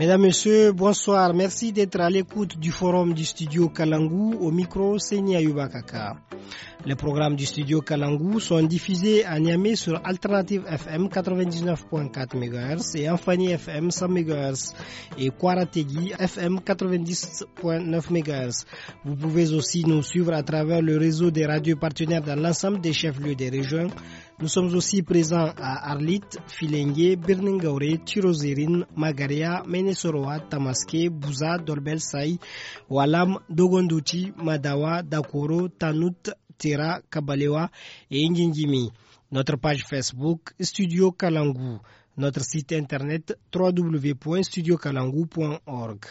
Mesdames, Messieurs, bonsoir. Merci d'être à l'écoute du forum du studio Kalangou au micro Senia Yubakaka. Les programmes du studio Kalangu sont diffusés à Niamey sur Alternative FM 99.4 MHz et Anfani FM 100 MHz et Kwarategi FM 90.9 MHz. Vous pouvez aussi nous suivre à travers le réseau des radios partenaires dans l'ensemble des chefs-lieux des régions. Nous sommes aussi présents à Arlit, Filengue, Birningaure, Tirozirin, Magaria, Menesoroa, Tamaské, Bouza, Dorbel Saï, Walam, Dogondouti, Madawa, Dakoro, Tanout, Tera Kabalewa et Ngingimi. Notre page Facebook Studio Kalangu. Notre site internet www.studiokalangu.org.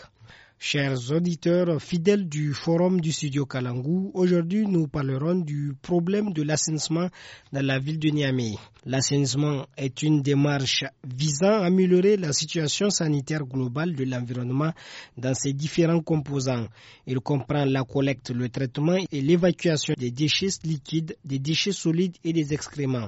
Chers auditeurs fidèles du forum du studio Kalangou, aujourd'hui nous parlerons du problème de l'assainissement dans la ville de Niamey. L'assainissement est une démarche visant à améliorer la situation sanitaire globale de l'environnement dans ses différents composants. Il comprend la collecte, le traitement et l'évacuation des déchets liquides, des déchets solides et des excréments.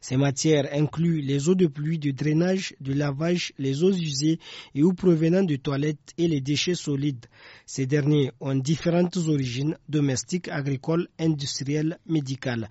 Ces matières incluent les eaux de pluie, du drainage, du lavage, les eaux usées et ou provenant de toilettes et les déchets solides. Ces derniers ont différentes origines domestiques, agricoles, industrielles, médicales.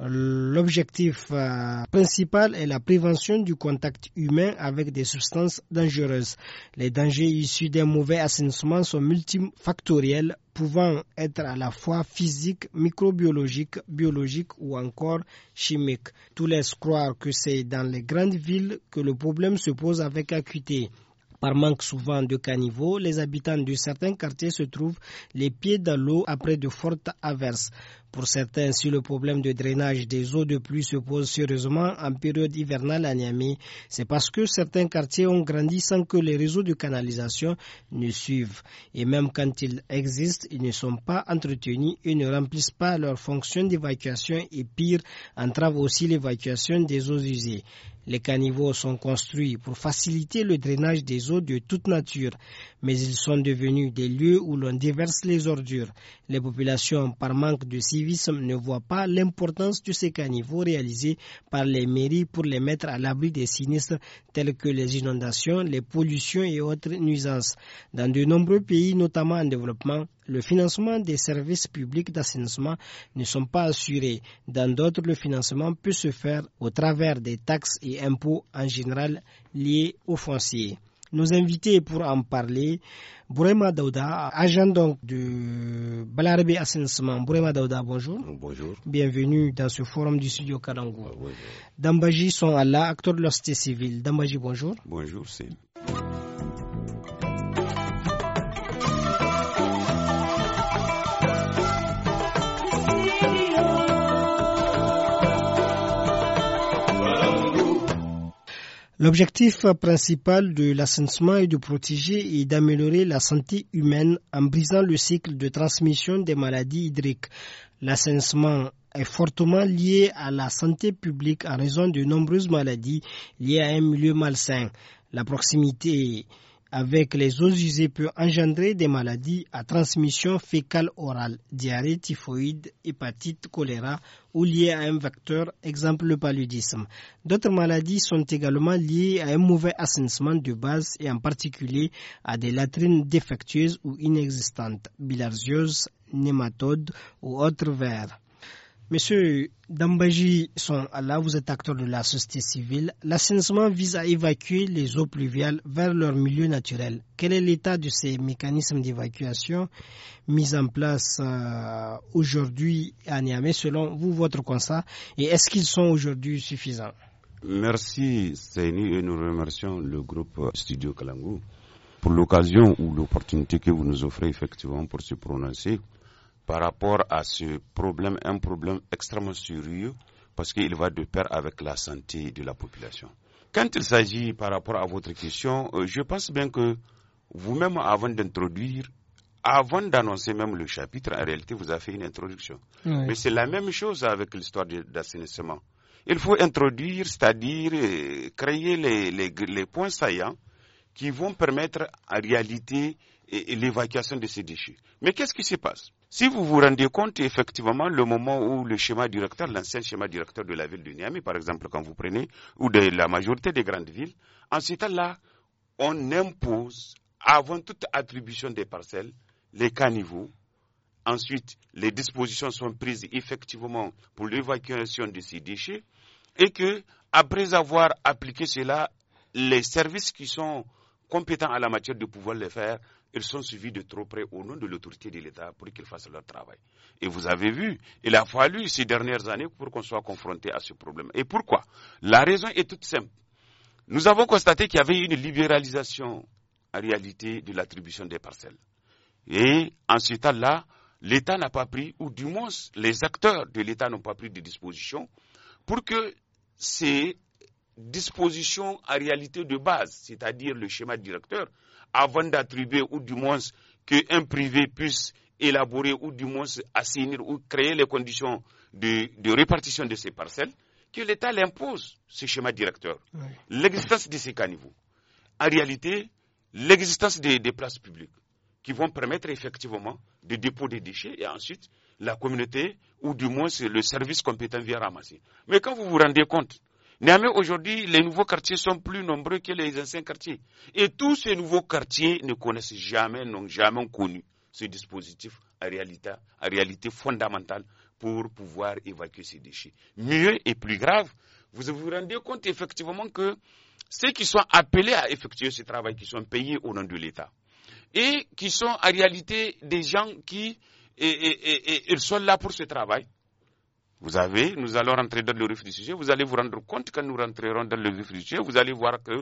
L'objectif euh, principal est la prévention du contact humain avec des substances dangereuses. Les dangers issus d'un mauvais assainissement sont multifactoriels pouvant être à la fois physiques, microbiologiques, biologiques ou encore chimiques. Tout laisse croire que c'est dans les grandes villes que le problème se pose avec acuité. Par manque souvent de caniveaux, les habitants de certains quartiers se trouvent les pieds dans l'eau après de fortes averses. Pour certains, si le problème de drainage des eaux de pluie se pose sérieusement en période hivernale à Niamey, c'est parce que certains quartiers ont grandi sans que les réseaux de canalisation ne suivent. Et même quand ils existent, ils ne sont pas entretenus et ne remplissent pas leur fonction d'évacuation et pire, entravent aussi l'évacuation des eaux usées. Les caniveaux sont construits pour faciliter le drainage des eaux de toute nature mais ils sont devenus des lieux où l'on déverse les ordures. Les populations, par manque de civisme, ne voient pas l'importance de ces caniveaux réalisés par les mairies pour les mettre à l'abri des sinistres tels que les inondations, les pollutions et autres nuisances. Dans de nombreux pays, notamment en développement, le financement des services publics d'assainissement ne sont pas assurés. Dans d'autres, le financement peut se faire au travers des taxes et impôts en général liés aux fonciers. Nos invités pour en parler, Bourema Daouda, agent donc de Balarbe Assainissement. Bourema Daouda, bonjour. Bonjour. Bienvenue dans ce forum du studio Karango. Ah, Dambaji Son Allah, acteur de société civile. Dambaji, bonjour. Bonjour, c'est. L'objectif principal de l'assainissement est de protéger et d'améliorer la santé humaine en brisant le cycle de transmission des maladies hydriques. L'assainissement est fortement lié à la santé publique en raison de nombreuses maladies liées à un milieu malsain. La proximité avec les eaux usées peut engendrer des maladies à transmission fécale-orale, diarrhée, typhoïde, hépatite, choléra ou liées à un vecteur, exemple le paludisme. D'autres maladies sont également liées à un mauvais assainissement de base et en particulier à des latrines défectueuses ou inexistantes, (bilharziose, nématodes ou autres vers. Monsieur Dambaji sont là, vous êtes acteur de la société civile. L'assainissement vise à évacuer les eaux pluviales vers leur milieu naturel. Quel est l'état de ces mécanismes d'évacuation mis en place euh, aujourd'hui à Niamey selon vous, votre constat Et est-ce qu'ils sont aujourd'hui suffisants Merci Saini, et nous remercions le groupe euh, Studio Kalangou pour l'occasion ou l'opportunité que vous nous offrez effectivement pour se prononcer par rapport à ce problème, un problème extrêmement sérieux parce qu'il va de pair avec la santé de la population. Quand il s'agit par rapport à votre question, euh, je pense bien que vous-même, avant d'introduire, avant d'annoncer même le chapitre, en réalité, vous avez fait une introduction. Mais c'est la même chose avec l'histoire d'assainissement. Il faut introduire, c'est-à-dire euh, créer les points saillants qui vont permettre en réalité et, l'évacuation de ces déchets. Mais qu'est-ce qui se passe Si vous vous rendez compte, effectivement, le moment où le schéma directeur, l'ancien schéma directeur de la ville de Niamey, par exemple, quand vous prenez, ou de la majorité des grandes villes, en ce temps-là, on impose, avant toute attribution des parcelles, les caniveaux. Ensuite, les dispositions sont prises effectivement pour l'évacuation de ces déchets et que, après avoir appliqué cela, les services qui sont compétents à la matière de pouvoir les faire ils sont suivis de trop près au nom de l'autorité de l'État pour qu'ils fassent leur travail. Et vous avez vu, il a fallu ces dernières années pour qu'on soit confronté à ce problème. Et pourquoi La raison est toute simple. Nous avons constaté qu'il y avait une libéralisation en réalité de l'attribution des parcelles. Et en ce temps-là, l'État n'a pas pris, ou du moins les acteurs de l'État n'ont pas pris de dispositions pour que ces dispositions en réalité de base, c'est-à-dire le schéma directeur, avant d'attribuer ou du moins qu'un privé puisse élaborer ou du moins assainir ou créer les conditions de, répartition de ces parcelles, que l'État l'impose, ce schéma directeur. L'existence de ces caniveaux. En réalité, l'existence des, des, places publiques qui vont permettre effectivement de dépôt des déchets et ensuite la communauté ou du moins le service compétent vient ramasser. Mais quand vous vous rendez compte Néanmoins, aujourd'hui, les nouveaux quartiers sont plus nombreux que les anciens quartiers. Et tous ces nouveaux quartiers ne connaissent jamais, n'ont jamais connu ce dispositif à réalité, à réalité fondamentale pour pouvoir évacuer ces déchets. Mieux et plus grave, vous vous rendez compte effectivement que ceux qui sont appelés à effectuer ce travail, qui sont payés au nom de l'État, et qui sont en réalité des gens qui ils sont là pour ce travail, vous avez, nous allons rentrer dans le vif du sujet, vous allez vous rendre compte quand nous rentrerons dans le vif du sujet, vous allez voir que,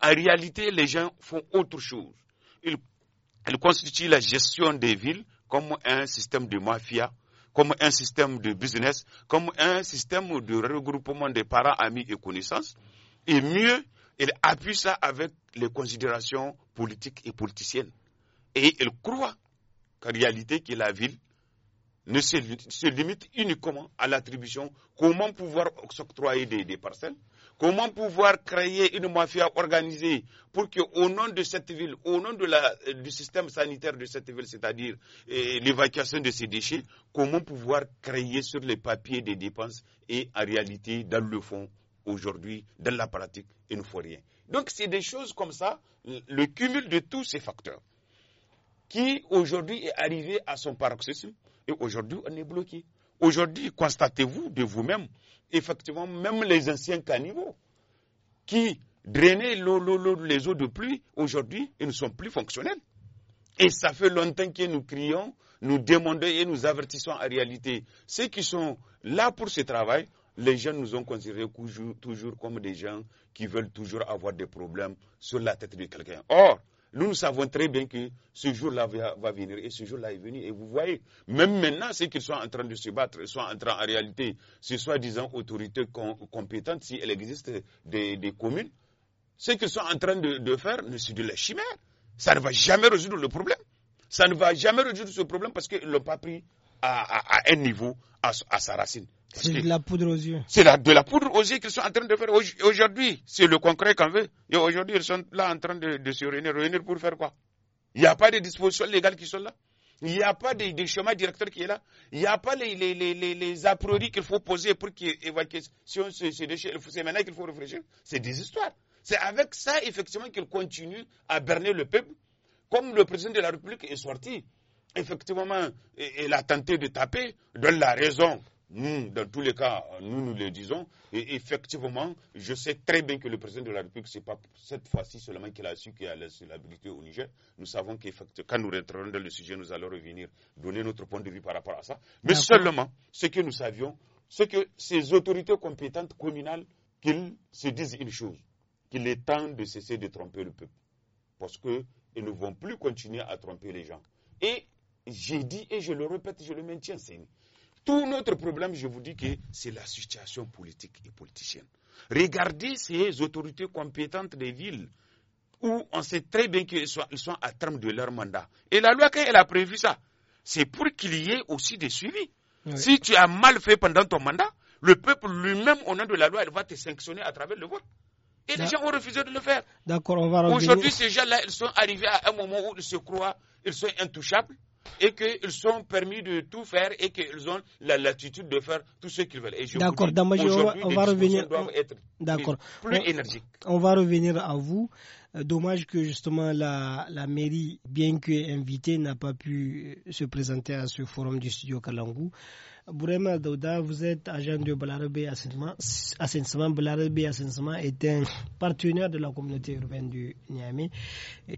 en réalité, les gens font autre chose. Ils, constituent la gestion des villes comme un système de mafia, comme un système de business, comme un système de regroupement des parents, amis et connaissances. Et mieux, ils appuient ça avec les considérations politiques et politiciennes. Et ils croient qu'en réalité, que la ville ne se, limite uniquement à l'attribution. Comment pouvoir s'octroyer des, parcelles Comment pouvoir créer une mafia organisée pour qu'au nom de cette ville, au nom du système sanitaire de cette ville, c'est-à-dire eh, l'évacuation de ces déchets, comment pouvoir créer sur les papiers des dépenses et en réalité, dans le fond, aujourd'hui, dans la pratique, il ne faut rien. Donc, c'est des choses comme ça, le cumul de tous ces facteurs qui aujourd'hui est arrivé à son paroxysme, aujourd'hui, on est bloqué. Aujourd'hui, constatez-vous de vous-même, effectivement, même les anciens caniveaux qui drainaient les eaux de pluie, aujourd'hui, ils ne sont plus fonctionnels. Et ça fait longtemps que nous crions, nous demandons et nous avertissons en réalité. Ceux qui sont là pour ce travail, les gens nous ont considérés toujours comme des gens qui veulent toujours avoir des problèmes sur la tête de quelqu'un. Or, nous, nous savons très bien que ce jour-là va, venir et ce jour-là est venu. Et vous voyez, même maintenant, ceux qui sont en train de se battre sont en train, en réalité, ce soi-disant autorités compétente, si elle existe des, communes, ce qu'ils sont en train de, faire, c'est de la chimère. Ça ne va jamais résoudre le problème. Ça ne va jamais résoudre ce problème parce qu'ils ne l'ont pas pris à, un niveau, à sa racine. C'est de la poudre aux yeux. C'est de la poudre aux yeux qu'ils sont en train de faire aujourd'hui. C'est le concret qu'on veut. Et aujourd'hui, ils sont là en train de, se réunir. Réunir pour faire quoi Il n'y a pas de dispositions légales qui sont là. Il n'y a pas de, chemin directeur qui est là. Il n'y a pas les, les, a priori qu'il faut poser pour qu'ils évoquent ces déchets. C'est maintenant qu'il faut réfléchir. C'est des histoires. C'est avec ça, effectivement, qu'ils continuent à berner le peuple. Comme le président de la République est sorti, effectivement, il a tenté de taper, donne la raison nous, dans tous les cas, nous nous le disons. Et effectivement, je sais très bien que le président de la République, ce n'est pas cette fois-ci seulement qu'il a su qu'il y a l'instabilité au Niger. Nous savons qu'effectivement, quand nous rentrerons dans le sujet, nous allons revenir donner notre point de vue par rapport à ça. Mais seulement, ce que nous savions, c'est que ces autorités compétentes communales, qu'ils se disent une chose, qu'il est temps de cesser de tromper le peuple. Parce qu'ils ne vont plus continuer à tromper les gens. Et j'ai dit, et je le répète, je le maintiens, c'est tout notre problème, je vous dis que c'est la situation politique et politicienne. Regardez ces autorités compétentes des villes où on sait très bien qu'ils sont, à terme de leur mandat. Et la loi, quand elle a prévu ça, c'est pour qu'il y ait aussi des suivis. Si tu as mal fait pendant ton mandat, le peuple lui-même, au nom de la loi, elle va te sanctionner à travers le vote. Et les gens ont refusé de le faire. D'accord, on Aujourd'hui, ces gens-là, ils sont arrivés à un moment où ils se croient, ils sont intouchables et qu'ils sont permis de tout faire et qu'ils ont la latitude de faire tout ce qu'ils veulent. D'accord, on va revenir. D'accord. Plus on, On va revenir à vous. Euh, dommage que justement la, la mairie, bien que invitée, n'a pas pu euh, se présenter à ce forum du studio Kalangou. Bourema Douda, vous êtes agent de Balarabé Assainissement. Assainissement Assainissement est un partenaire de la communauté urbaine du Niamey.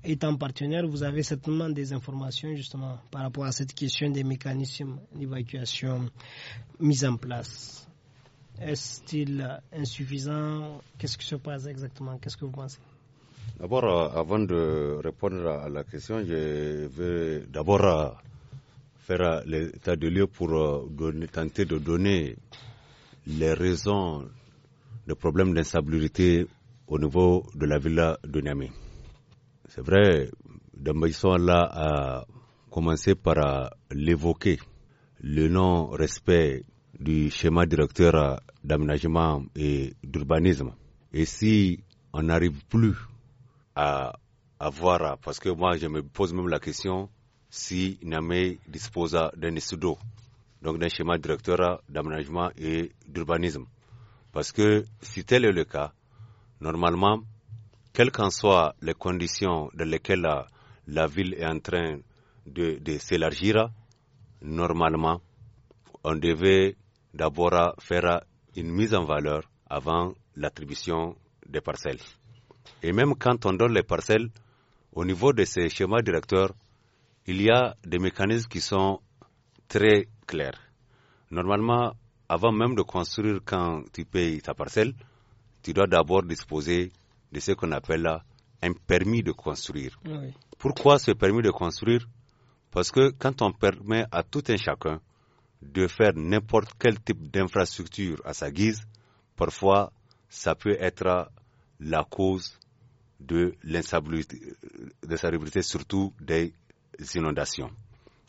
Étant partenaire, vous avez certainement des informations justement par rapport à cette question des mécanismes d'évacuation mis en place. Est-il insuffisant Qu'est-ce qui se passe exactement Qu'est-ce que vous pensez D'abord, euh, avant de répondre à la question, je veux d'abord euh, faire l'état de lieu pour euh, tenter de donner les raisons de problèmes d'instabilité au niveau de la villa de Niamey. C'est vrai, sont là a commencé par euh, l'évoquer, le non-respect du schéma directeur euh, d'aménagement et d'urbanisme. Et si on n'arrive plus à avoir, parce que moi je me pose même la question, si Namé disposa d'un d'eau, donc d'un schéma directeur d'aménagement et d'urbanisme. Parce que si tel est le cas, normalement, quelles qu'en soient les conditions dans lesquelles la, ville est en train de, de s'élargir, normalement, on devait d'abord faire une mise en valeur avant l'attribution des parcelles. Et même quand on donne les parcelles, au niveau de ces schémas directeurs, il y a des mécanismes qui sont très clairs. Normalement, avant même de construire quand tu payes ta parcelle, tu dois d'abord disposer de ce qu'on appelle là un permis de construire. Ah Pourquoi ce permis de construire Parce que quand on permet à tout un chacun de faire n'importe quel type d'infrastructure à sa guise, parfois ça peut être la cause de l'insalubrité, surtout des inondations.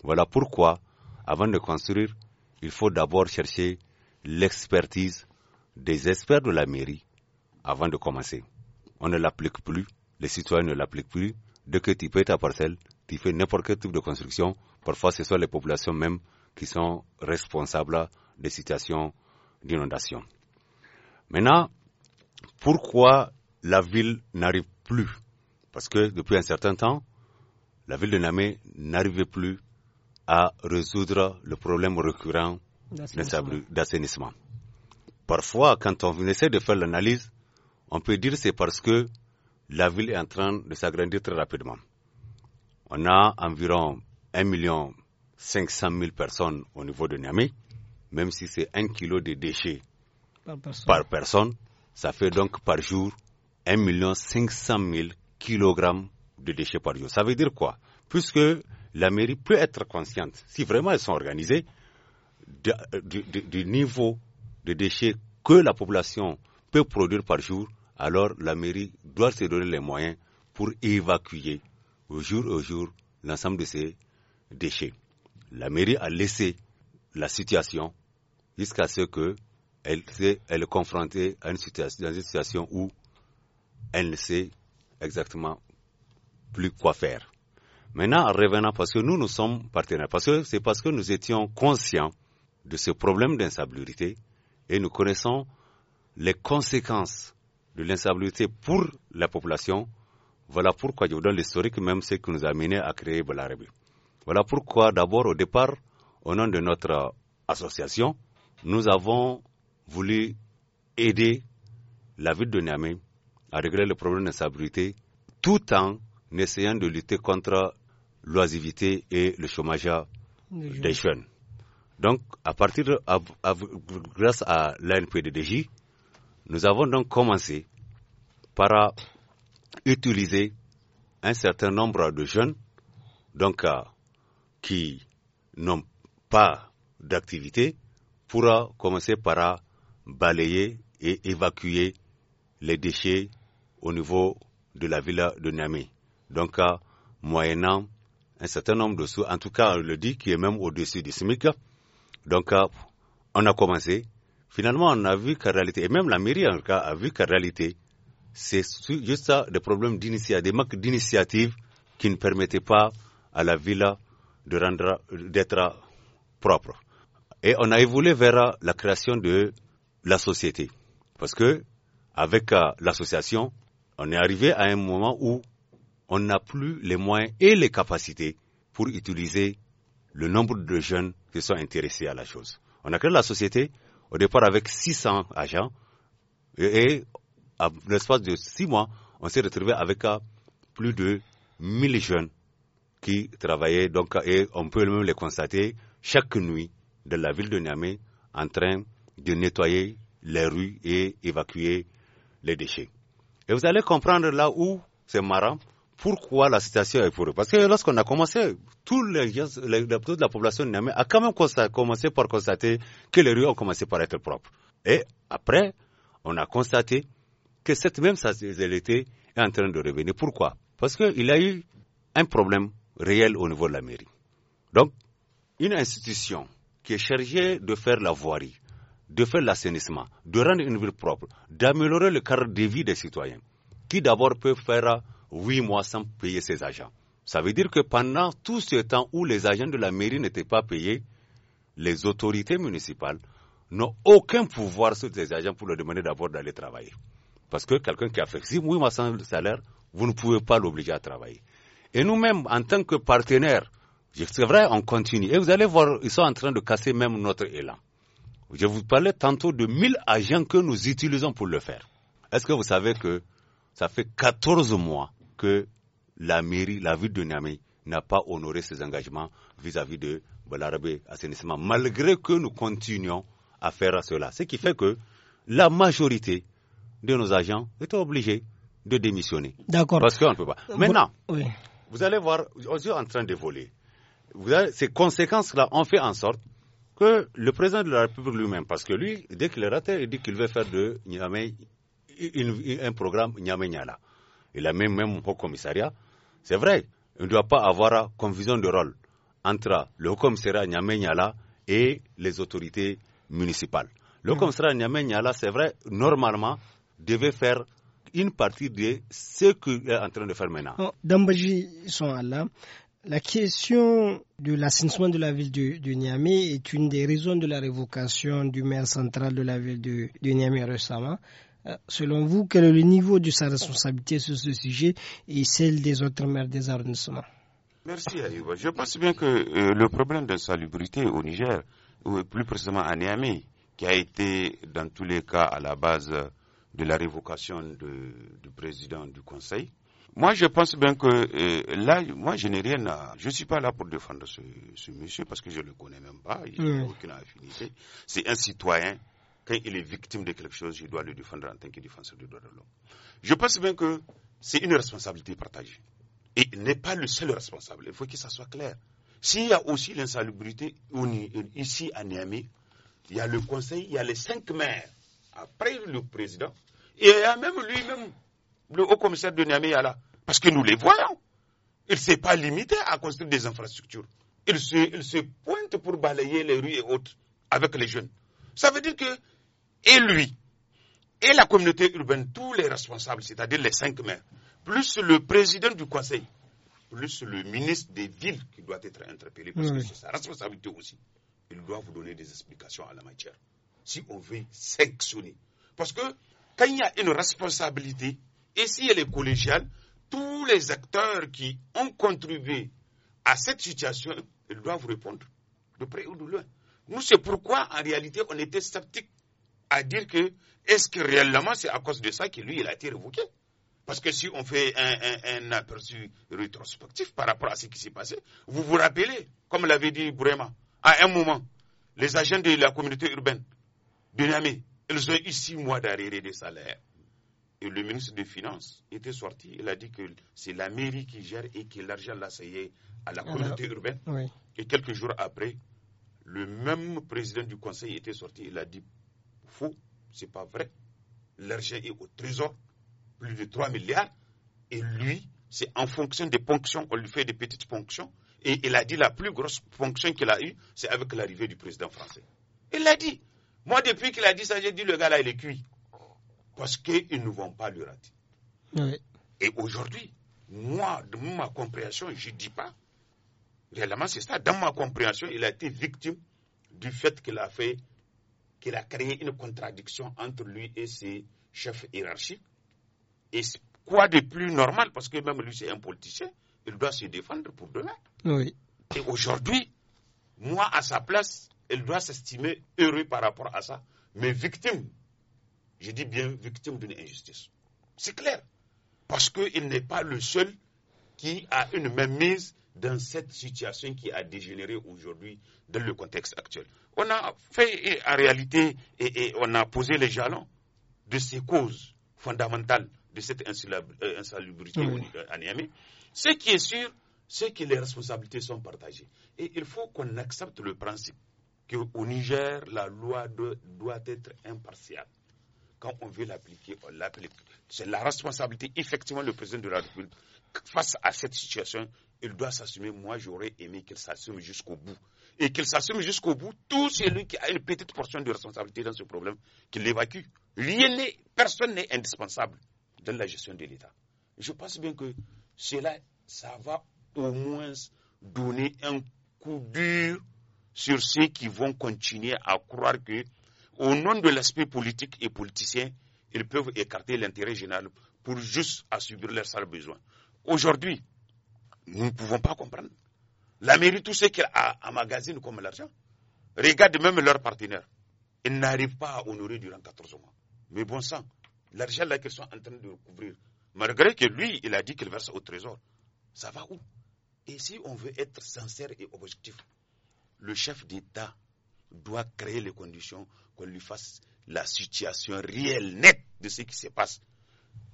Voilà pourquoi, avant de construire, il faut d'abord chercher l'expertise des experts de la mairie avant de commencer. On ne l'applique plus, les citoyens ne l'appliquent plus. de que tu payes ta parcelle, tu fais n'importe quel type de construction. Parfois, ce sont les populations même qui sont responsables des situations d'inondation. Maintenant, pourquoi la ville n'arrive plus Parce que depuis un certain temps, la ville de Namé n'arrivait plus à résoudre le problème récurrent d'assainissement. Parfois, quand on essaie de faire l'analyse, on peut dire c'est parce que la ville est en train de s'agrandir très rapidement. On a environ 1 million de personnes au niveau de Niamey, même si c'est 1 kilo de déchets par personne. ça fait donc par jour 1,5 million de kilogrammes déchets par Ça veut dire quoi Puisque la mairie peut être consciente, si vraiment elles sont organisées, du niveau de déchets que la population peut produire par jour, alors la mairie doit se donner les moyens pour évacuer au jour au jour l'ensemble de ces déchets. La mairie a laissé la situation jusqu'à ce que elle, est confrontée à une situation, une situation où elle ne sait exactement plus quoi faire. Maintenant, en revenant, parce que nous, nous sommes partenaires, parce que c'est parce que nous étions conscients de ce problème d'insalubrité et nous connaissons les conséquences de l'insalubrité pour la population. Voilà pourquoi je vous donne l'historique, même ce qui nous a amené à créer Balarabi. Voilà pourquoi, d'abord, au départ, au nom de notre association, nous avons voulu aider la ville de Niamey à régler le problème d'insalubrité tout en en essayant de lutter contre l'oisivité et le chômage des, jeunes. Donc, à partir de, grâce à l'ANPDDJ, nous avons donc commencé par utiliser un certain nombre de jeunes donc, qui n'ont pas d'activité pour commencer par balayer et évacuer les déchets au niveau de la ville de Niamey. Donc, euh, moyennant un certain nombre de sous, en tout cas, on le dit, qui est même au-dessus du SMIC. Donc, euh, on a commencé. Finalement, on a vu qu'en réalité, et même la mairie, en tout cas, a vu qu'en réalité, c'est juste des problèmes d'initiative, des manques d'initiative qui ne permettaient pas à la ville de rendre, d'être propre. Et on a évolué vers la création de la société. Parce que, avec euh, l'association, on est arrivé à un moment où on n'a plus les moyens et les capacités pour utiliser le nombre de jeunes qui sont intéressés à la chose. On a créé la société au départ avec 600 agents et, en l'espace de 6 mois, on s'est retrouvé avec euh, plus de 1000 jeunes qui travaillaient donc euh, et on peut même les constater chaque nuit de la ville de Niamey en train de nettoyer les rues et évacuer les déchets. Et vous allez comprendre là où c'est marrant, pourquoi la situation est pour Parce que lorsqu'on a commencé, toute la population de a quand même commencé par constater que les rues ont commencé par être propres. Et après, on a constaté que cette même société est en train de revenir. Pourquoi Parce qu'il y a eu un problème réel au niveau de la mairie. Donc, une institution qui est chargée de faire la voirie, de faire l'assainissement, de rendre une ville propre, d'améliorer le cadre de vie des citoyens, qui d'abord peut faire huit mois sans payer ses agents. Ça veut dire que pendant tout ce temps où les agents de la mairie n'étaient pas payés, les autorités municipales n'ont aucun pouvoir sur ces agents pour leur demander d'abord d'aller travailler. Parce que quelqu'un qui a fait six mois sans salaire, vous ne pouvez pas l'obliger à travailler. Et nous-mêmes, en tant que partenaires, c'est vrai, on continue. Et vous allez voir, ils sont en train de casser même notre élan. Je vous parlais tantôt de 1000 agents que nous utilisons pour le faire. Est-ce que vous savez que ça fait 14 mois la mairie, la ville de Niamey, n'a pas honoré ses engagements vis-à-vis de l'arabe Assainissement, malgré que nous continuions à faire cela. Ce qui fait que la majorité de nos agents étaient obligés de démissionner. D'accord. Parce qu'on peut pas. Maintenant, vous allez voir, on est en train de voler Ces conséquences-là ont fait en sorte que le président de la République lui-même, parce que lui, dès qu'il est raté, il dit qu'il veut faire de Niamey un programme Niamey-Niala et la même, même haut commissariat. C'est vrai, on ne doit pas avoir confusion de rôle entre le haut commissariat Niamey-Niala et les autorités municipales. Le haut commissariat mhm. Niamey-Niala, c'est vrai, normalement, devait faire une partie de ce qu'il est en train de faire maintenant. Oh, Dambaji La question de l'assainissement de la ville de, de Niamey est une des raisons de la révocation du maire central de la ville de, de Niamey récemment. Euh, selon vous, quel est le niveau de sa responsabilité sur ce sujet et celle des autres maires des arrondissements Merci Je pense bien que euh, le problème de salubrité au Niger, ou plus précisément à Niamey, qui a été dans tous les cas à la base euh, de la révocation du président du Conseil, moi, je pense bien que là, moi, je n'ai rien à. Je ne suis pas là pour défendre ce, monsieur parce que je ne le connais même pas. Il n'a mmh. aucune affinité. C'est un citoyen quand il est victime de quelque chose, je doit le défendre en tant que défenseur du droit de l'homme. Je pense bien que c'est une responsabilité partagée. Et il n'est pas le seul responsable. Il faut que ça soit clair. S'il y a aussi l'insalubrité ici à Niamey, il y a le conseil, il y a les cinq maires, après le président, et il y a même lui-même, le haut commissaire de Niamey, là. Parce que nous les voyons. Il ne s'est pas limité à construire des infrastructures. il se pointe pour balayer les rues et autres avec les jeunes. Ça veut dire que et lui, et la communauté urbaine, tous les responsables, c'est-à-dire les cinq maires, plus le président du conseil, plus le ministre des villes qui doit être interpellé, parce que c'est sa responsabilité aussi. Il doit vous donner des explications à la matière, si on veut sectionner. Parce que quand il y a une responsabilité, et si elle est collégiale, tous les acteurs qui ont contribué à cette situation, ils doivent répondre, de près ou de loin. Nous, c'est pourquoi, en réalité, on était sceptiques à dire que est-ce que réellement c'est à cause de ça que lui, il a été révoqué Parce que si on fait un, aperçu rétrospectif par rapport à ce qui s'est passé, vous vous rappelez, comme l'avait dit Bourema, à un moment, les agents de la communauté urbaine de Namé ils ont eu six mois d'arrêt des salaires Et le ministre des Finances était sorti, il a dit que c'est la mairie qui gère et que l'argent l'a à la communauté urbaine. Et quelques jours après, le même président du conseil était sorti, il a dit faux, c'est pas vrai. L'argent est au trésor, plus de 3 milliards. Et lui, c'est en fonction des ponctions, on lui fait des petites ponctions. Et il a dit la plus grosse ponction qu'il a eue, c'est avec l'arrivée du président français. Il l'a dit. Moi, depuis qu'il a dit ça, j'ai dit le gars-là, il est cuit. Parce qu'ils ne vont pas lui rater. Et aujourd'hui, moi, de ma compréhension, je ne dis pas. Réellement, c'est ça. Dans ma compréhension, il a été victime du fait qu'il a fait qu'il a créé une contradiction entre lui et ses chefs hiérarchiques. Et quoi de plus normal, parce que même lui, c'est un politicien, il doit se défendre pour demain. Et aujourd'hui, moi, à sa place, il doit s'estimer heureux par rapport à ça, mais victime. Je dis bien victime d'une injustice. C'est clair. Parce qu'il n'est pas le seul qui a une même mise dans cette situation qui a dégénéré aujourd'hui dans le contexte actuel. On a fait en réalité et, on a posé les jalons de ces causes fondamentales de cette euh, insalubrité à Ce qui est sûr, c'est que les responsabilités sont partagées. Et il faut qu'on accepte le principe qu'au Niger, la loi doit être impartiale quand on veut l'appliquer, on l'applique. C'est la responsabilité, effectivement, le président de la République face à cette situation il doit s'assumer. Moi, j'aurais aimé qu'il s'assume jusqu'au bout. Et qu'il s'assume jusqu'au bout, tout celui qui a une petite portion de responsabilité dans ce problème, qu'il l'évacue. Rien personne n'est indispensable dans la gestion de l'État. Je pense bien que cela, ça va au moins donner un coup dur sur ceux qui vont continuer à croire que, au nom de l'aspect politique et politicien, ils peuvent écarter l'intérêt général pour juste assurer leurs sales besoins. Aujourd'hui, nous ne pouvons pas comprendre. La mairie, tout ce qu'elle a magazine comme l'argent, regarde même leurs partenaires. Ils n'arrivent pas à honorer durant 14 mois. Mais bon sang, l'argent là qu'ils sont en train de recouvrir, malgré que lui, il a dit qu'il verse au trésor, ça va où Et si on veut être sincère et objectif, le chef d'État doit créer les conditions qu'on lui fasse la situation réelle, nette de ce qui se passe,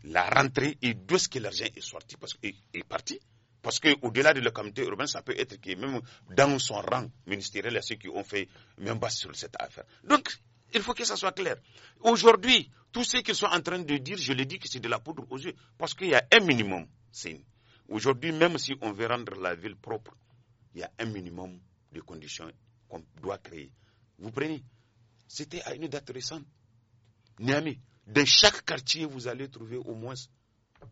la rentrée et d'où ce que l'argent est sorti, parce qu'il est parti. Parce qu'au-delà de la comité urbaine, ça peut être que même dans son rang ministériel, il y a ceux qui ont fait même base sur cette affaire. Donc, il faut que ça soit clair. Aujourd'hui, tous ceux qui sont en train de dire, je le dis que c'est de la poudre aux yeux. Parce qu'il y a un minimum. Aujourd'hui, même si on veut rendre la ville propre, il y a un minimum de conditions qu'on doit créer. Vous prenez, c'était à une date récente. Niamey, dans chaque quartier, vous allez trouver au moins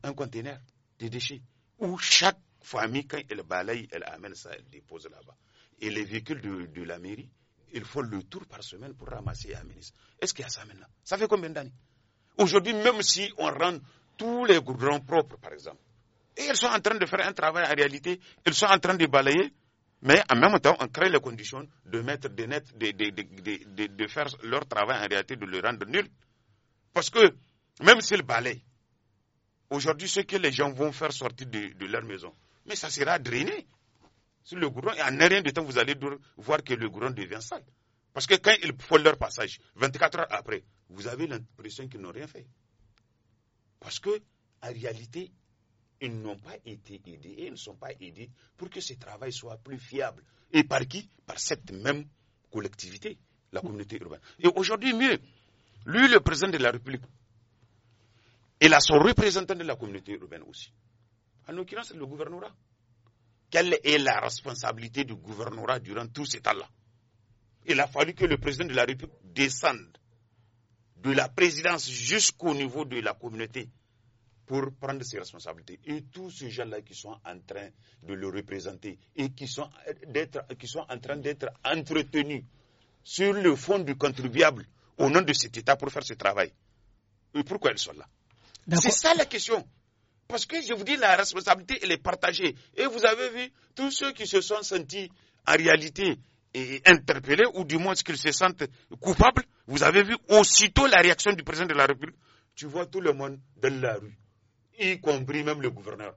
un conteneur de déchets où chaque famille, quand elle balaye, elle amène ça, elle dépose là-bas. Et les véhicules de, la mairie, il faut le tour par semaine pour ramasser un ministre. Est-ce qu'il y a ça maintenant Ça fait combien d'années Aujourd'hui, même si on rend tous les goudrons propres, par exemple, et elles sont en train de faire un travail en réalité, ils sont en train de balayer, mais en même temps, on crée les conditions de mettre des nets, de, de faire leur travail en réalité, de le rendre nul. Parce que même s'ils balayent, aujourd'hui, ce que les gens vont faire sortir de leur maison, mais ça sera drainé. Sur le goudron, et en rien de temps, vous allez voir que le goudron devient sale. Parce que quand ils font leur passage, 24 heures après, vous avez l'impression qu'ils n'ont rien fait. Parce que, en réalité, ils n'ont pas été aidés et ils ne sont pas aidés pour que ce travail soit plus fiable. Et par qui Par cette même collectivité, la communauté urbaine. Et aujourd'hui, mieux, lui, le président de la République, il a son représentant de la communauté urbaine aussi. En l'occurrence, le gouvernorat. Quelle est la responsabilité du gouvernorat durant tout ce temps-là Il a fallu que le président de la République descende de la présidence jusqu'au niveau de la communauté pour prendre ses responsabilités. Et tous ces gens-là qui sont en train de le représenter et qui sont, en train d'être entretenus sur le fond du contribuable au nom de cet État pour faire ce travail. Et pourquoi ils sont là C'est ça la question. Parce que je vous dis, la responsabilité, elle est partagée. Et vous avez vu, tous ceux qui se sont sentis en réalité interpellés, ou du moins qu'ils se sentent coupables, vous avez vu aussitôt la réaction du président de la République. Tu vois tout le monde dans la rue, y compris même le gouverneur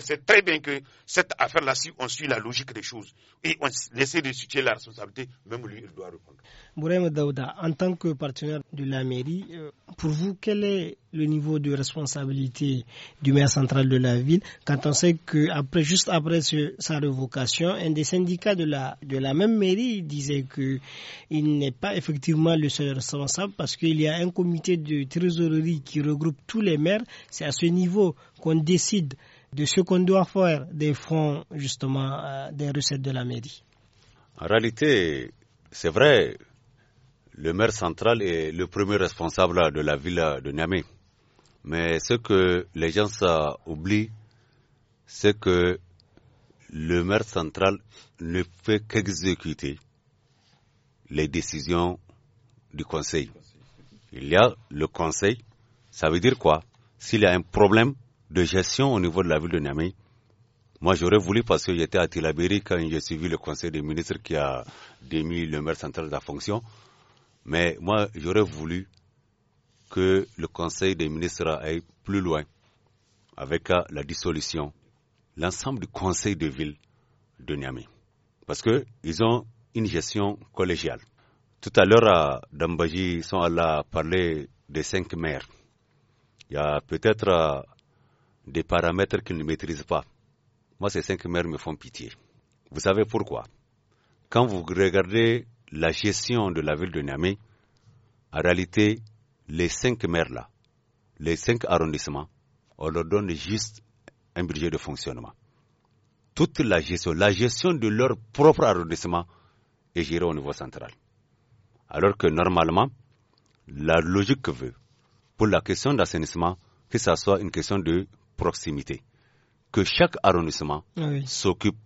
sait très bien que cette affaire-là, si on suit la logique des choses et on essaie de situer la responsabilité, même lui, il doit répondre. Bourem Daouda, en tant que partenaire de la mairie, euh, pour vous, quel est le niveau de responsabilité du maire central de la ville quand on sait que après, juste après sa révocation, un des syndicats de la, de la même mairie disait qu'il n'est pas effectivement le seul responsable parce qu'il y a un comité de trésorerie qui regroupe tous les maires. C'est à ce niveau qu'on décide de ce qu'on doit faire des fonds, justement, euh, des recettes de la mairie. En réalité, c'est vrai, le maire central est le premier responsable de la ville de Niamey. Mais ce que les gens oublient, c'est que le maire central ne fait qu'exécuter les décisions du conseil. Il y a le conseil, ça veut dire quoi S'il y a un problème, de gestion au niveau de la ville de Niamey. Moi, j'aurais voulu, parce que j'étais à Tilabiri quand j'ai suivi le conseil des ministres qui a démis le maire central de la fonction. Mais moi, j'aurais voulu que le conseil des ministres aille plus loin avec euh, la dissolution, l'ensemble du conseil de ville de Niamey. Parce qu'ils ont une gestion collégiale. Tout à l'heure, à euh, Dambaji, ils sont allés parler des cinq maires. Il y a peut-être euh, des paramètres qu'ils ne maîtrisent pas. Moi, ces cinq maires me font pitié. Vous savez pourquoi Quand vous regardez la gestion de la ville de Niamey, en réalité, les cinq maires-là, les cinq arrondissements, on leur donne juste un budget de fonctionnement. Toute la gestion, la gestion de leur propre arrondissement est gérée au niveau central. Alors que normalement, la logique veut, pour la question d'assainissement, que ce soit une question de proximité, que chaque arrondissement ah s'occupe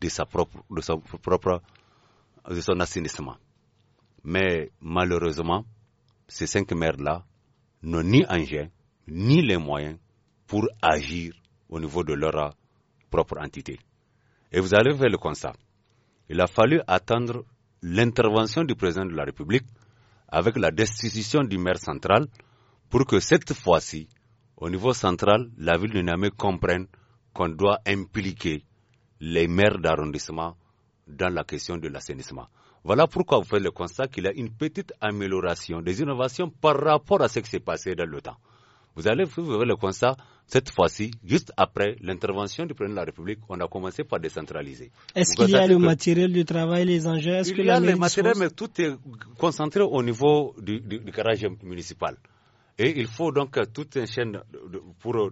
de, sa propre, de, propre, son assainissement. Mais malheureusement, ces cinq maires-là n'ont ni engin, ni les moyens pour agir au niveau de leur propre entité. Et vous allez faire le constat. Il a fallu attendre l'intervention du président de la République avec la destitution du maire central pour que cette fois-ci, au niveau central, la ville de Namé comprenne qu'on doit impliquer les maires d'arrondissement dans la question de l'assainissement. Voilà pourquoi vous faites le constat qu'il y a une petite amélioration des innovations par rapport à ce qui s'est passé dans le temps. Vous allez faire le constat, cette fois-ci, juste après l'intervention du président de la République, on a commencé par décentraliser. Est-ce qu'il y a le matériel du travail, les engins Il que y a le matériel, mais tout est concentré au niveau du garage municipal. Et il faut donc toute une chaîne pour,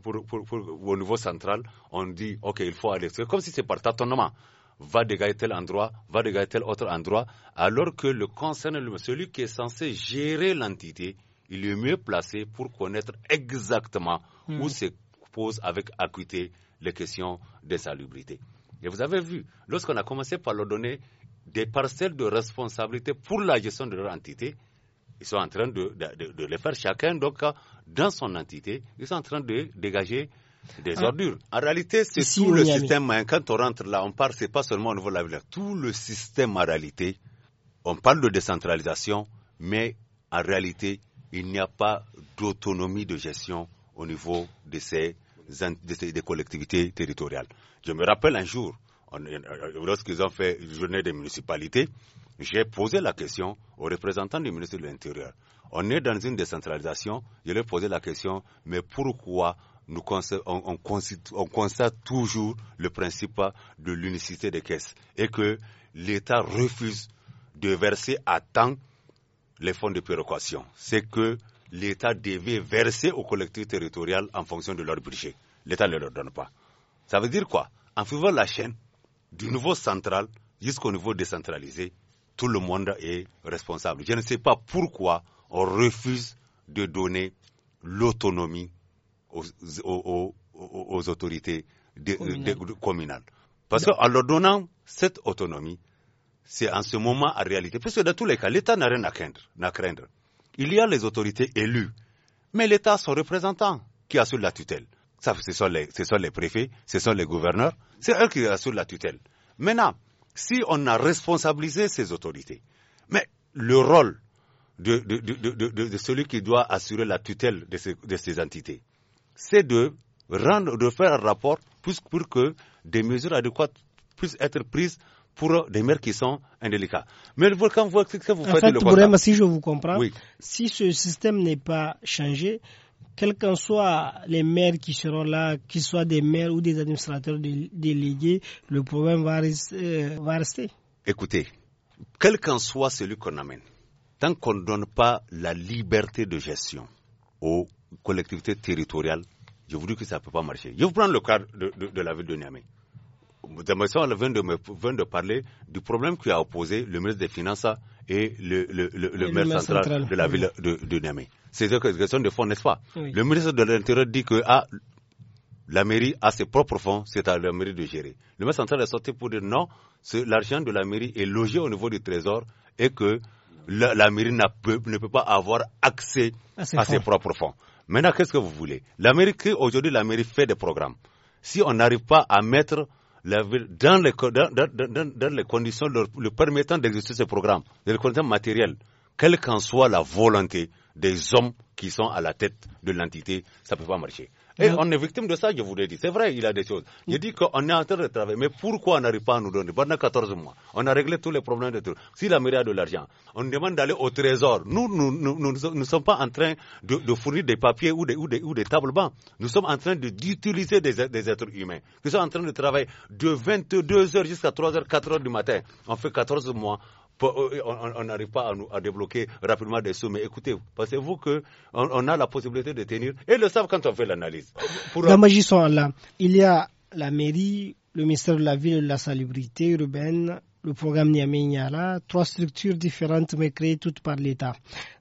pour, pour, pour au niveau central, on dit, OK, il faut aller. comme si c'est par tâtonnement. Va dégager tel endroit, va dégager tel autre endroit, alors que le concerné celui qui est censé gérer l'entité, il est mieux placé pour connaître exactement où hmm. se posent avec acuité les questions de salubrité. Et vous avez vu, lorsqu'on a commencé par leur donner des parcelles de responsabilité pour la gestion de leur entité, ils sont en train de, les faire chacun, donc dans son entité, ils sont en train de dégager des ah. ordures. En réalité, c'est tout le système. Hein. quand on rentre là, on parle, c'est pas seulement au niveau de la ville. Tout le système, en réalité, on parle de décentralisation, mais en réalité, il n'y a pas d'autonomie de gestion au niveau de ces, des collectivités territoriales. Je me rappelle un jour, euh, lorsqu'ils ont fait une journée des municipalités, j'ai posé la question aux représentants du ministre de l'Intérieur. On est dans une décentralisation. Je leur ai posé la question, mais pourquoi nous on, toujours le principe de l'unicité des caisses et que l'État refuse de verser à temps les fonds de péréquation. C'est que l'État devait verser aux collectivités territoriales en fonction de leur budget. L'État ne leur donne pas. Ça veut dire quoi En suivant la chaîne, du niveau central jusqu'au niveau décentralisé, tout le monde est responsable. Je ne sais pas pourquoi on refuse de donner l'autonomie aux, autorités communales. Parce qu'en leur donnant cette autonomie, c'est en ce moment en réalité, Parce que dans tous les cas, l'État n'a rien à craindre, craindre. Il y a les autorités élues, mais l'État, son représentant, qui assure la tutelle. Ça, ce, sont les, ce sont les préfets, ce sont les gouverneurs, c'est eux qui assurent la tutelle. Maintenant, si on a responsabilisé ces autorités, mais le rôle de, celui qui doit assurer la tutelle de, ces, entités, c'est de rendre, de faire un rapport pour, pour que des mesures adéquates puissent être prises pour des maires qui sont indélicats. Mais quand vous, quand vous en faites fait, le problème, si je vous comprends, si ce système n'est pas changé, quels qu'en soient les maires qui seront là, qu'ils soient des maires ou des administrateurs délégués, le problème euh, va, rester. Écoutez, quel qu'en soit celui qu'on amène, tant qu'on ne donne pas la liberté de gestion aux collectivités territoriales, je vous dis que ça ne peut pas marcher. Je vous prends le cas de, la ville de Niamey. Mme vient de, vient de parler du problème qui a opposé le ministre des Finances et le, maire, central, de la ville de, de Niamey c'est une question de fonds, n'est-ce pas Le ministre de l'Intérieur dit que ah, la mairie a ses propres fonds, c'est à la mairie de gérer. Le ministre en central est sorti pour dire non, l'argent de la mairie est logé au niveau du trésor et que la, mairie ne peut pas avoir accès à, ses propres fonds. Maintenant, qu'est-ce que vous voulez l'amérique aujourd'hui, la mairie fait des programmes. Si on n'arrive pas à mettre la ville dans les, conditions le permettant d'exister ces programmes, les conditions matérielles, quelle qu'en soit la volonté, des hommes qui sont à la tête de l'entité, ça ne peut pas marcher. Et on est victime de ça, je vous l'ai dit. C'est vrai, il y a des choses. Je dis qu'on est en train de travailler, mais pourquoi on n'arrive pas à nous donner Pendant 14 mois, on a réglé tous les problèmes de tout. Si la mairie a de l'argent, on demande d'aller au trésor. Nous, nous ne nous, nous, sommes pas en train de, fournir des papiers ou des, ou des, des tables bancs. Nous sommes en train d'utiliser des, des, êtres humains qui sont en train de travailler de 22h jusqu'à 3h, 4h du matin. On fait 14 mois euh, on n'arrive pas à, nous, à, débloquer rapidement des Mais Écoutez, pensez-vous qu'on on a la possibilité de tenir Et le savent quand on fait l'analyse. Pour... Dans sont là, il y a la mairie, le ministère de la Ville et de la Salubrité urbaine, le programme niamey trois structures différentes mais créées toutes par l'État.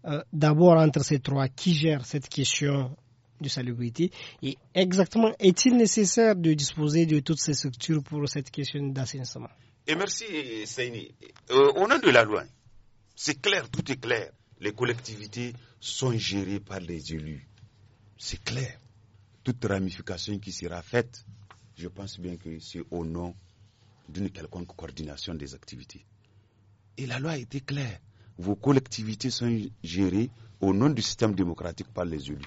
Euh, d'abord, entre ces trois, qui gère cette question de salubrité Et exactement, est-il nécessaire de disposer de toutes ces structures pour cette question d'assainissement et merci, Seini. Euh, au nom de la loi. C'est clair, tout est clair. Les collectivités sont gérées par les élus. C'est clair. Toute ramification qui sera faite, je pense bien que c'est au nom d'une quelconque coordination des activités. Et la loi était claire. Vos collectivités sont gérées au nom du système démocratique par les élus.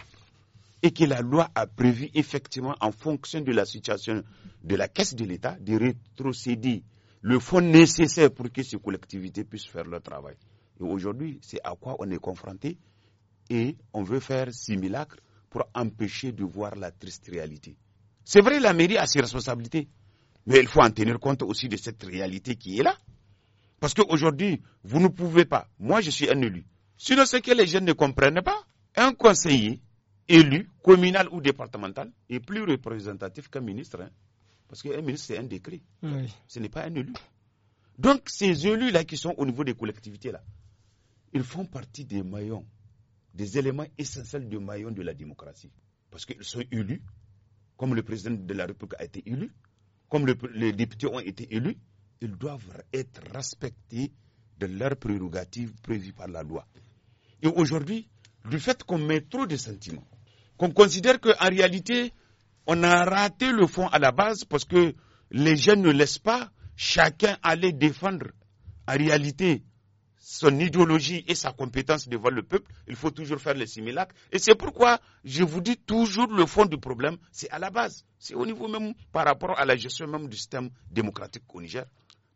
Et que la loi a prévu effectivement, en fonction de la situation de la caisse de l'État, de rétrocéder le fonds nécessaire pour que ces collectivités puissent faire leur travail. Et aujourd'hui, c'est à quoi on est confronté et on veut faire simulacre pour empêcher de voir la triste réalité. C'est vrai, la mairie a ses responsabilités, mais il faut en tenir compte aussi de cette réalité qui est là. Parce qu'aujourd'hui, vous ne pouvez pas, moi je suis un élu, sinon ce que les jeunes ne comprennent pas, un conseiller élu, communal ou départemental, est plus représentatif qu'un ministre. Hein. Parce qu'un ministre, c'est un décret. Ce n'est pas un élu. Donc, ces élus-là qui sont au niveau des collectivités-là, ils font partie des maillons, des éléments essentiels du maillon de la démocratie. Parce qu'ils sont élus, comme le président de la République a été élu, comme les députés ont été élus, ils doivent être respectés de leurs prérogatives prévues par la loi. Et aujourd'hui, du fait qu'on met trop de sentiments, qu'on considère qu'en réalité, on a raté le fond à la base parce que les jeunes ne laissent pas chacun aller défendre en réalité son idéologie et sa compétence devant le peuple. Il faut toujours faire les simulacres. Et c'est pourquoi je vous dis toujours le fond du problème, c'est à la base. C'est au niveau même par rapport à la gestion même du système démocratique au Niger.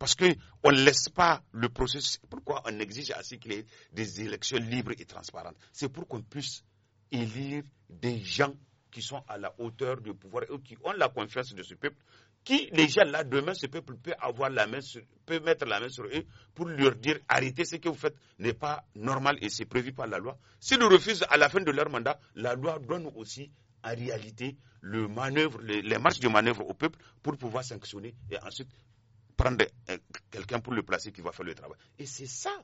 Parce qu'on ne laisse pas le processus. pourquoi on exige ainsi qu'il y ait des élections libres et transparentes. C'est pour qu'on puisse élire des gens qui sont à la hauteur du pouvoir et qui ont la confiance de ce peuple, qui déjà là demain ce peuple peut avoir la main peut mettre la main sur eux pour leur dire arrêtez ce que vous faites n'est pas normal et c'est prévu par la loi. S'ils refusent à la fin de leur mandat, la loi donne aussi en réalité le manœuvre, les, les marges de manœuvre au peuple pour pouvoir sanctionner et ensuite prendre euh, quelqu'un pour le placer qui va faire le travail. Et c'est ça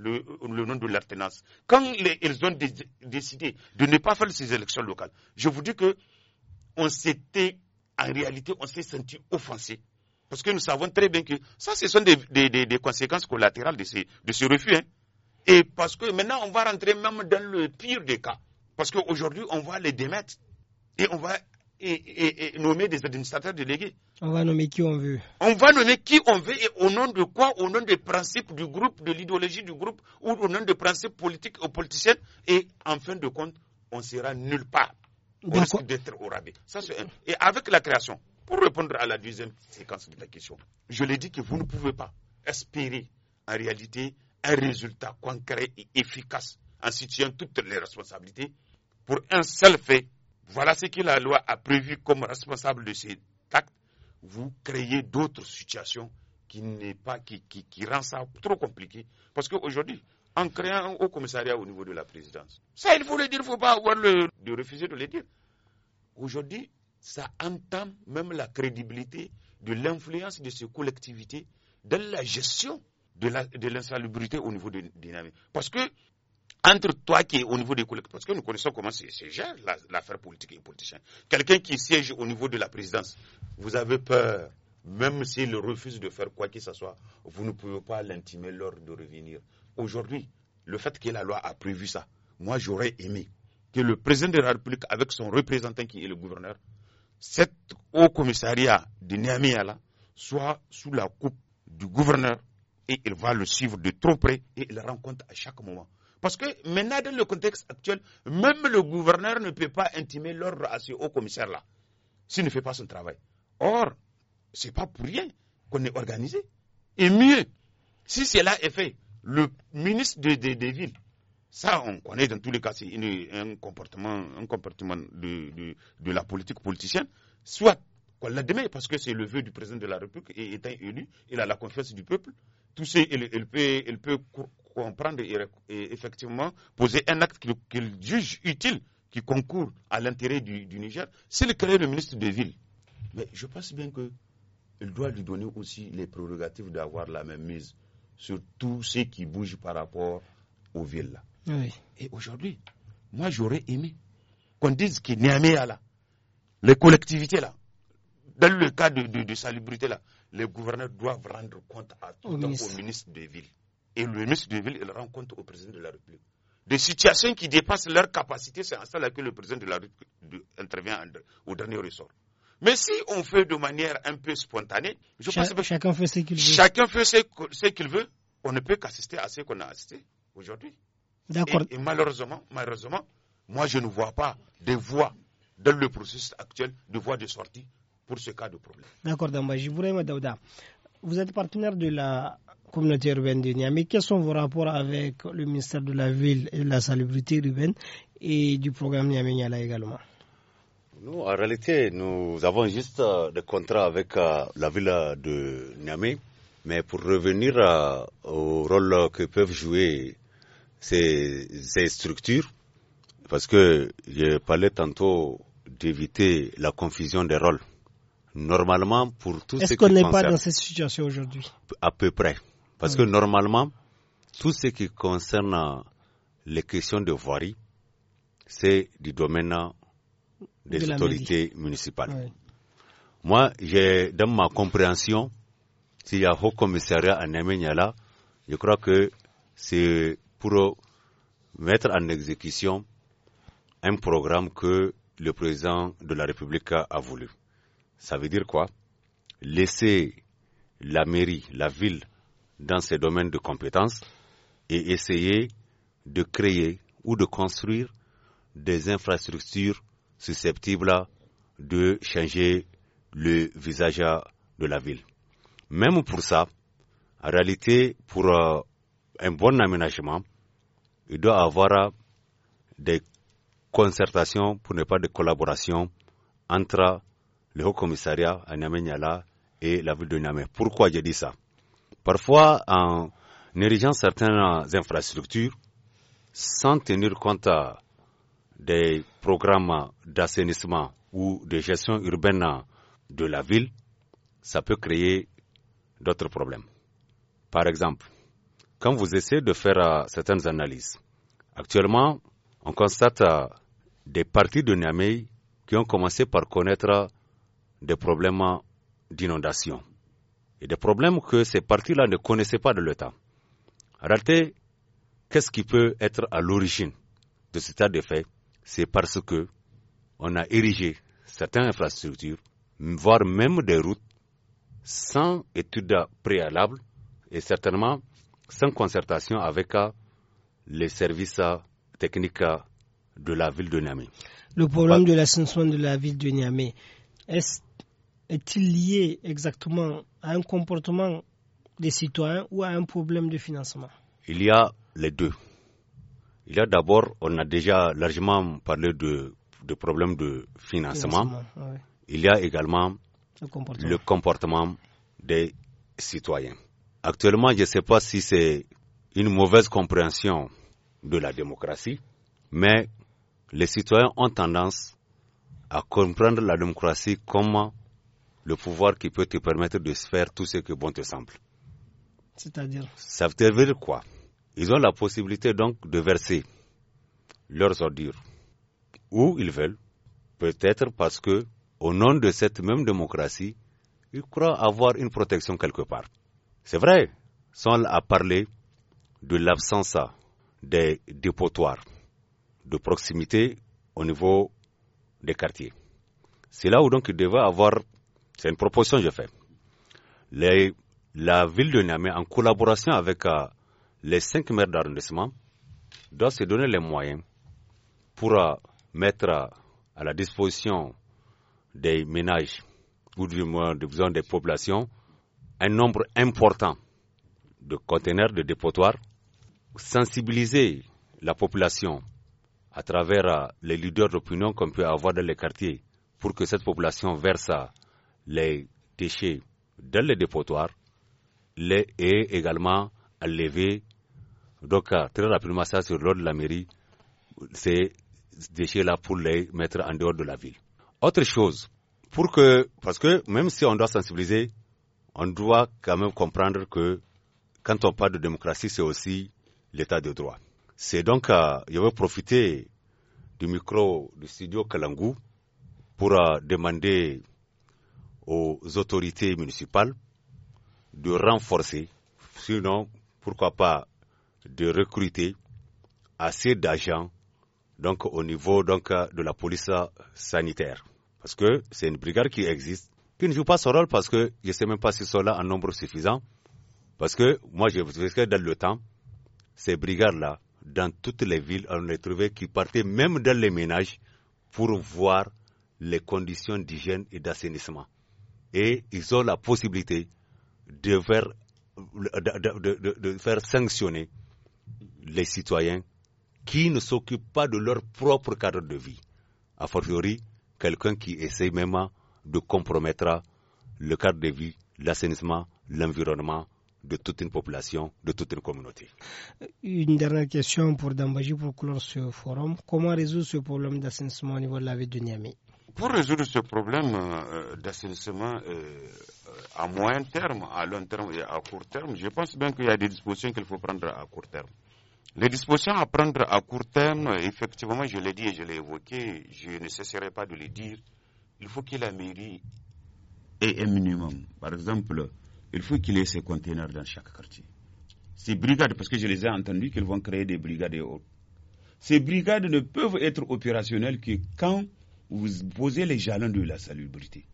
le, nom de l'alternance. Quand les, ils ont décidé de ne pas faire ces élections locales, je vous dis que on s'était, en réalité, on s'est senti offensé. Parce que nous savons très bien que ça, ce sont des, conséquences collatérales de, ce refus. Hein. Et parce que maintenant, on va rentrer même dans le pire des cas. Parce qu'aujourd'hui, on va les démettre et on va et, nommer des administrateurs délégués. On va nommer qui on veut. On va nommer qui on veut et au nom de quoi Au nom des principes du groupe, de l'idéologie du groupe ou au nom des principes politiques ou politiciens. Et en fin de compte, on sera nulle part. On risque d'être au rabais. et avec la création, pour répondre à la deuxième séquence de la question, je l'ai dit que vous ne pouvez pas espérer en réalité un résultat concret et efficace en situant toutes les responsabilités pour un seul fait voilà ce que la loi a prévu comme responsable de ces acte. Vous créez d'autres situations qui n'est pas qui, qui, rend ça trop compliqué. Parce qu'aujourd'hui, en créant un haut commissariat au niveau de la présidence, ça il faut le dire, il ne faut pas avoir le, de refuser de le dire. Aujourd'hui, ça entame même la crédibilité de l'influence de ces collectivités dans la gestion de l'insalubrité de au niveau de dynamiques. Parce que entre toi qui est au niveau des collectivités, parce que nous connaissons comment c'est géré l'affaire politique et politicien. Quelqu'un qui siège au niveau de la présidence, vous avez peur, même s'il refuse de faire quoi que ce soit, vous ne pouvez pas l'intimer lors de revenir. Aujourd'hui, le fait que la loi a prévu ça, moi j'aurais aimé que le président de la République, avec son représentant qui est le gouverneur, cet haut commissariat de Niameyala soit sous la coupe du gouverneur et il va le suivre de trop près et il le rend compte à chaque moment. Parce que maintenant, dans le contexte actuel, même le gouverneur ne peut pas intimer l'ordre à ce haut commissaire-là s'il ne fait pas son travail. Or, ce n'est pas pour rien qu'on est organisé. Et mieux, si cela est fait, le ministre des villes, ça on connaît dans tous les cas, c'est un comportement, un comportement de, la politique politicienne, soit qu'on l'admet parce que c'est le vœu du président de la République et étant élu, il a la confiance du peuple. Tout il peut comprendre et, effectivement poser un acte qu'il juge utile, qui concourt à l'intérêt du, Niger, c'est le créer le ministre des Villes. Mais je pense bien qu'il doit lui donner aussi les prérogatives d'avoir la même mise sur tout ce qui bouge par rapport aux villes. Oui. Et aujourd'hui, moi j'aurais aimé qu'on dise que là, les collectivités là, dans le cas de, de, salubrité là, les gouverneurs doivent rendre compte à tout au ministre des villes et le ministre de Ville, il rend compte au président de la République. Des situations qui dépassent leur capacité, c'est en cela que le président de la République intervient au dernier ressort. Mais si on fait de manière un peu spontanée, je pense que chacun fait ce qu'il veut. Chacun fait ce qu'il veut. On ne peut qu'assister à ce qu'on a assisté aujourd'hui. D'accord. Et, malheureusement, malheureusement, moi je ne vois pas de voix dans le processus actuel, de voix de sortie pour ce cas de problème. D'accord, Damba. Vous êtes partenaire de la communauté urbaine de Niamey. Quels sont vos rapports avec le ministère de la Ville et de la Salubrité urbaine et du programme Niamey Niala également Nous, en réalité, nous avons juste euh, des contrats avec euh, la ville de Niamey. Mais pour revenir euh, au rôle que peuvent jouer ces, structures, parce que je parlais tantôt d'éviter la confusion des rôles normalement pour tous Est-ce qu'on n'est pas dans cette situation aujourd'hui À peu près. Parce que normalement, tout ce qui concerne les questions de voirie, c'est du domaine des autorités municipales. Moi, j'ai dans ma compréhension, s'il y a un haut commissariat à là, je crois que c'est pour mettre en exécution un programme que le président de la République a voulu. Ça veut dire quoi Laisser la mairie, la ville, dans ses domaines de compétences et essayer de créer ou de construire des infrastructures susceptibles de changer le visage de la ville. Même pour ça, en réalité, pour euh, un bon aménagement, il doit y avoir des concertations, pour ne pas de collaboration, entre le Haut-Commissariat à niamey et la ville de Niamey. Pourquoi j'ai dit ça Parfois, en érigeant certaines infrastructures, sans tenir compte des programmes d'assainissement ou de gestion urbaine de la ville, ça peut créer d'autres problèmes. Par exemple, quand vous essayez de faire euh, certaines analyses, actuellement, on constate euh, des parties de Niamey qui ont commencé par connaître euh, des problèmes d'inondation et des problèmes que ces parties là ne connaissaient pas de l'État. En réalité, qu'est-ce qui peut être à l'origine de cet état de fait C'est parce que on a érigé certaines infrastructures, voire même des routes, sans étude préalable et certainement sans concertation avec euh, les services euh, techniques euh, de la ville de Niamey. Le problème de l'ascension de la ville de Niamey, est est-il lié exactement à un comportement des citoyens ou à un problème de financement Il y a les deux. Il y a d'abord, on a déjà largement parlé de, problèmes de financement. Il y a également le comportement. le comportement des citoyens. Actuellement, je ne sais pas si c'est une mauvaise compréhension de la démocratie, mais les citoyens ont tendance à comprendre la démocratie comme le pouvoir qui peut te permettre de faire tout ce que bon te semble. C'est-à-dire Ça veut dire quoi Ils ont la possibilité donc de verser leurs ordures où ils veulent, peut-être parce que, au nom de cette même démocratie, ils croient avoir une protection quelque part. C'est vrai, Sol a parlé de l'absence des dépotoirs de proximité au niveau des quartiers. C'est là où donc il devait avoir c'est une proposition que je fais. la ville de Niamey, en collaboration avec euh, les cinq maires d'arrondissement, doit se donner les moyens pour euh, mettre euh, à la disposition des ménages ou du moins des populations un nombre important de conteneurs, de dépotoirs, sensibiliser la population à travers les leaders d'opinion qu'on peut avoir dans les quartiers pour que cette population verse les déchets dans les dépotoirs les, et également enlever. Donc, euh, très rapidement, ça, sur l'ordre de la mairie, ces déchets-là pour les mettre en dehors de la ville. Autre chose, pour que, parce que même si on doit sensibiliser, on doit quand même comprendre que quand on parle de démocratie, c'est aussi l'état de droit. C'est donc, euh, je vais profiter du micro du studio Kalangu pour euh, demander aux autorités municipales de renforcer, sinon pourquoi pas de recruter assez d'agents donc au niveau donc de la police sanitaire parce que c'est une brigade qui existe qui ne joue pas son rôle parce que je ne sais même pas si sont là en nombre suffisant parce que moi je vous que dans le temps ces brigades là dans toutes les villes on les trouvait qui partaient même dans les ménages pour voir les conditions d'hygiène et d'assainissement et ils ont la possibilité de faire, sanctionner les citoyens qui ne s'occupent pas de leur propre cadre de vie. A fortiori, quelqu'un qui essaie même de compromettre le cadre de vie, l'assainissement, l'environnement de toute une population, de toute une communauté. Une dernière question pour Dambaji pour clore ce forum. Comment résoudre ce problème d'assainissement au niveau de la ville de Niamey pour résoudre ce problème euh, d'assainissement euh, à moyen terme, à long terme et à court terme, je pense bien qu'il y a des dispositions qu'il faut prendre à court terme. Les dispositions à prendre à court terme, effectivement, je l'ai dit et je l'ai évoqué, je ne cesserai pas de le dire, il faut que la mairie ait un minimum. Par exemple, il faut qu'il y ait ces containers dans chaque quartier. Ces brigades, parce que je les ai entendues, qu'ils vont créer des brigades et autres. Ces brigades ne peuvent être opérationnelles que quand vous posez les jalons de la salubrité.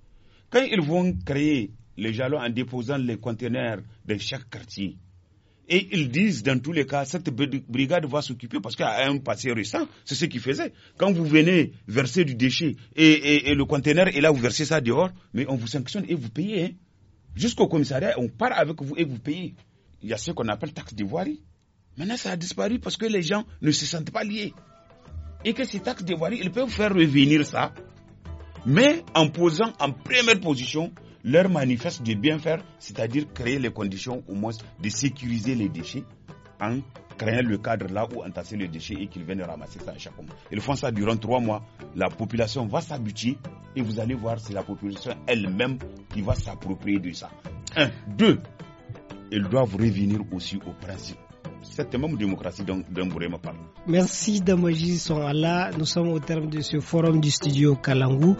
Quand ils vont créer les jalons en déposant les conteneurs de chaque quartier, et ils disent dans tous les cas, cette brigade va s'occuper parce qu'à un passé récent, c'est ce qu'ils faisaient. Quand vous venez verser du déchet et, le conteneur est là, vous versez ça dehors, mais on vous sanctionne et vous payez. Hein. Jusqu'au commissariat, on part avec vous et vous payez. Il y a ce qu'on appelle taxe de Maintenant, ça a disparu parce que les gens ne se sentent pas liés et que ces taxes dévoilées, ils peuvent faire revenir ça, mais en posant en première position leur manifeste de bien faire, c'est-à-dire créer les conditions au moins de sécuriser les déchets en créant le cadre là où entasser les déchets et qu'ils viennent ramasser ça à chaque mois. Ils font ça durant trois mois. La population va s'habituer et vous allez voir, c'est la population elle-même qui va s'approprier de ça. Un. Deux, ils doivent revenir aussi au principe cette même démocratie donc parle. Merci Damaji Sonala. Nous sommes au terme de ce forum du studio Kalangou.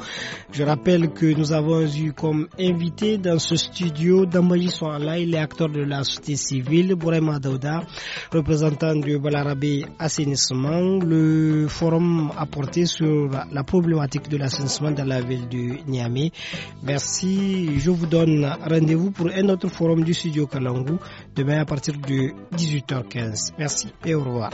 Je rappelle que nous avons eu comme invité dans ce studio Damaji Sonala, il est acteur de la société civile, Bourema Dauda, représentant du Balarabe Assainissement. Le forum a sur la problématique de l'assainissement dans la ville de Niamey. Merci. Je vous donne rendez-vous pour un autre forum du studio Kalangou demain à partir de 18h15. 15. Merci au revoir.